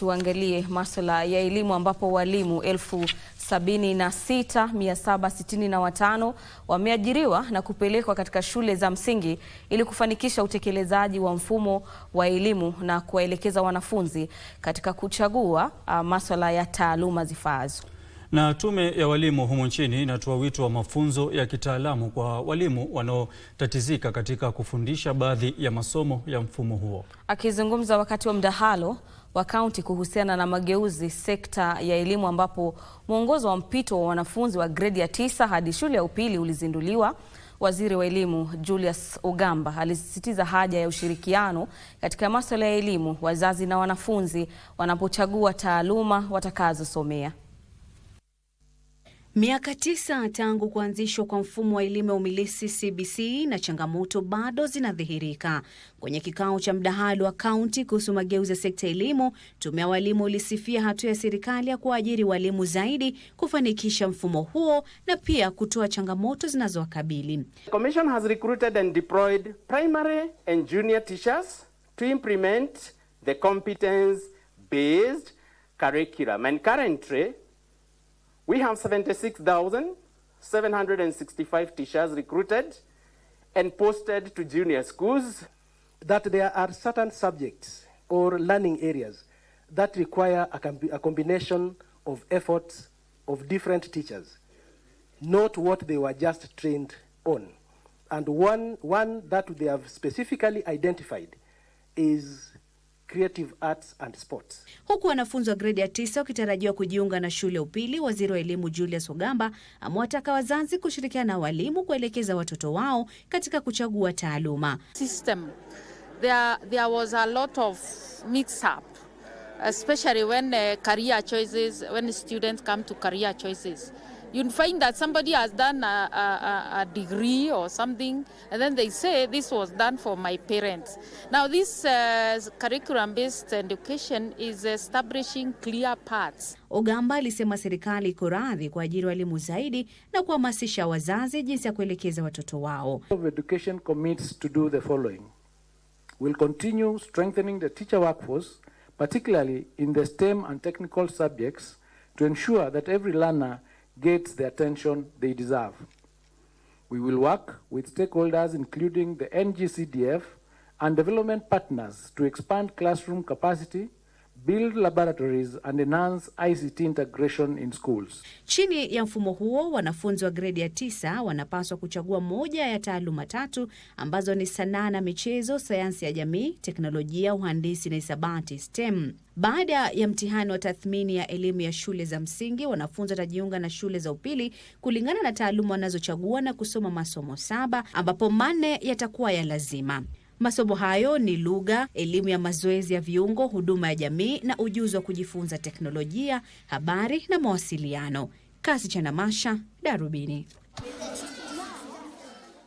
tuangalie masuala ya elimu ambapo walimu elfu sabini na sita mia saba sitini na watano wameajiriwa na kupelekwa katika shule za msingi ili kufanikisha utekelezaji wa mfumo wa elimu na kuwaelekeza wanafunzi katika kuchagua uh, masuala ya taaluma zifaazo. Na tume ya walimu humu nchini inatoa wito wa mafunzo ya kitaalamu kwa walimu wanaotatizika katika kufundisha baadhi ya masomo ya mfumo huo. Akizungumza wakati wa mdahalo wa kaunti kuhusiana na mageuzi sekta ya elimu, ambapo mwongozo wa mpito wa wanafunzi wa gredi ya tisa hadi shule ya upili ulizinduliwa, Waziri wa Elimu Julius ugamba alisisitiza haja ya ushirikiano katika masuala ya elimu, wazazi na wanafunzi wanapochagua taaluma watakazosomea. Miaka tisa tangu kuanzishwa kwa mfumo wa elimu ya umilisi CBC na changamoto bado zinadhihirika. Kwenye kikao cha mdahalo wa kaunti kuhusu mageuzi ya sekta ya elimu, tume ya walimu ulisifia hatua ya serikali ya kuajiri walimu zaidi kufanikisha mfumo huo na pia kutoa changamoto zinazowakabili. Commission has recruited and deployed primary and junior teachers to implement the competence based curriculum and currently We have 76,765 teachers recruited and posted to junior schools. That there are certain subjects or learning areas that require a, com a combination of efforts of different teachers, not what they were just trained on. And one, one that they have specifically identified is Creative Arts and Sports. Huku wanafunzi wa gredi ya tisa wakitarajiwa kujiunga na shule ya upili, waziri wa elimu Julius Ogamba amewataka wazazi kushirikiana na walimu kuelekeza watoto wao katika kuchagua taaluma. System. There, there was a lot of mix up especially when uh, career choices when students come to career choices you'd find that somebody has done a, a, a degree or something, and then they say this was done for my parents. Now, this uh, curriculum based education is establishing clear paths. Ogamba alisema serikali iko radhi kwa ajili walimu zaidi na kuhamasisha wazazi jinsi ya kuelekeza watoto wao. Education commits to do the following. We'll continue strengthening the teacher workforce, particularly in the STEM and technical subjects, to ensure that every learner gets the attention they deserve. We will work with stakeholders, including the NGCDF and development partners, to expand classroom capacity build laboratories and enhance ICT integration in schools. Chini ya mfumo huo, wanafunzi wa gredi ya tisa wanapaswa kuchagua moja ya taaluma tatu ambazo ni sanaa na michezo, sayansi ya jamii, teknolojia, uhandisi na hisabati STEM. Baada ya mtihani wa tathmini ya elimu ya shule za msingi, wanafunzi watajiunga na shule za upili kulingana na taaluma wanazochagua na kusoma masomo saba ambapo manne yatakuwa ya lazima. Masomo hayo ni lugha, elimu ya mazoezi ya viungo, huduma ya jamii na ujuzi wa kujifunza teknolojia, habari na mawasiliano. Kasi cha Namasha, Darubini.